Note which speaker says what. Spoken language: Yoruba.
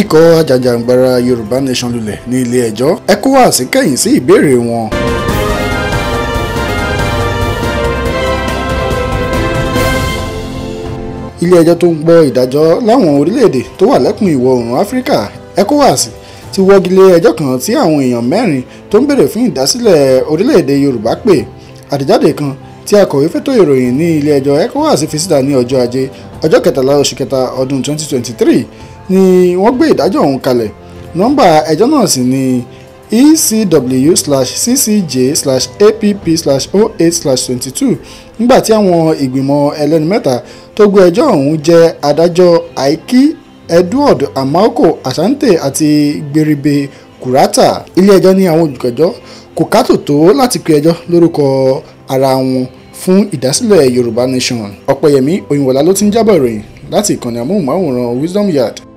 Speaker 1: ikọ̀ ajàjàǹgbara Yorùbá Nation lulẹ̀ ní ilé ẹjọ́ ECOWAS kẹ̀yìn sí ìbéèrè wọn. ilé ẹjọ́ tó ń gbọ́ ìdájọ́ láwọn orílẹ̀-èdè tó wà lẹ́kùn ìwọ̀ oòrùn Áfíríkà ECOWAS ti wọ́gi lé ẹjọ́ kan tí àwọn èèyàn mẹ́rin tó ń béèrè fún ìdásílẹ̀ orílẹ̀-èdè Yorùbá pè àtẹ̀jáde kan tí akọ̀wé fẹ́tò ìròyìn ní ilé ẹjọ́ ECOWAS fi síta ní ọjọ́ ajé ọjọ́ kẹtàlá oṣù kẹta ọdún 2023 ni wọ́n gbé ìdájọ́ ọ̀hún kalẹ̀ nọ́mbà ẹjọ́ náà sì ni ecw slash ccj slash app slash oh slash twenty two nígbà tí àwọn ìgbìmọ̀ ẹlẹ́ni mẹ́ta tó gbé ẹjọ́ ọ̀hún jẹ́ adájọ́ aiki edward Amako asante àti gbèrèbè kurata ilé-ẹjọ́ ní àwọn olùkẹ́jọ́ kò kátó tó láti pe ẹjọ́ lórúkọ ara wọn fún ìdásílẹ̀ yorùbá nation ọ̀pẹ̀yẹmí òyìnbọ̀lá ló ti ń jábọ̀ ìròyìn láti ìkànnì amóhùnmáwòrán wisdom yard.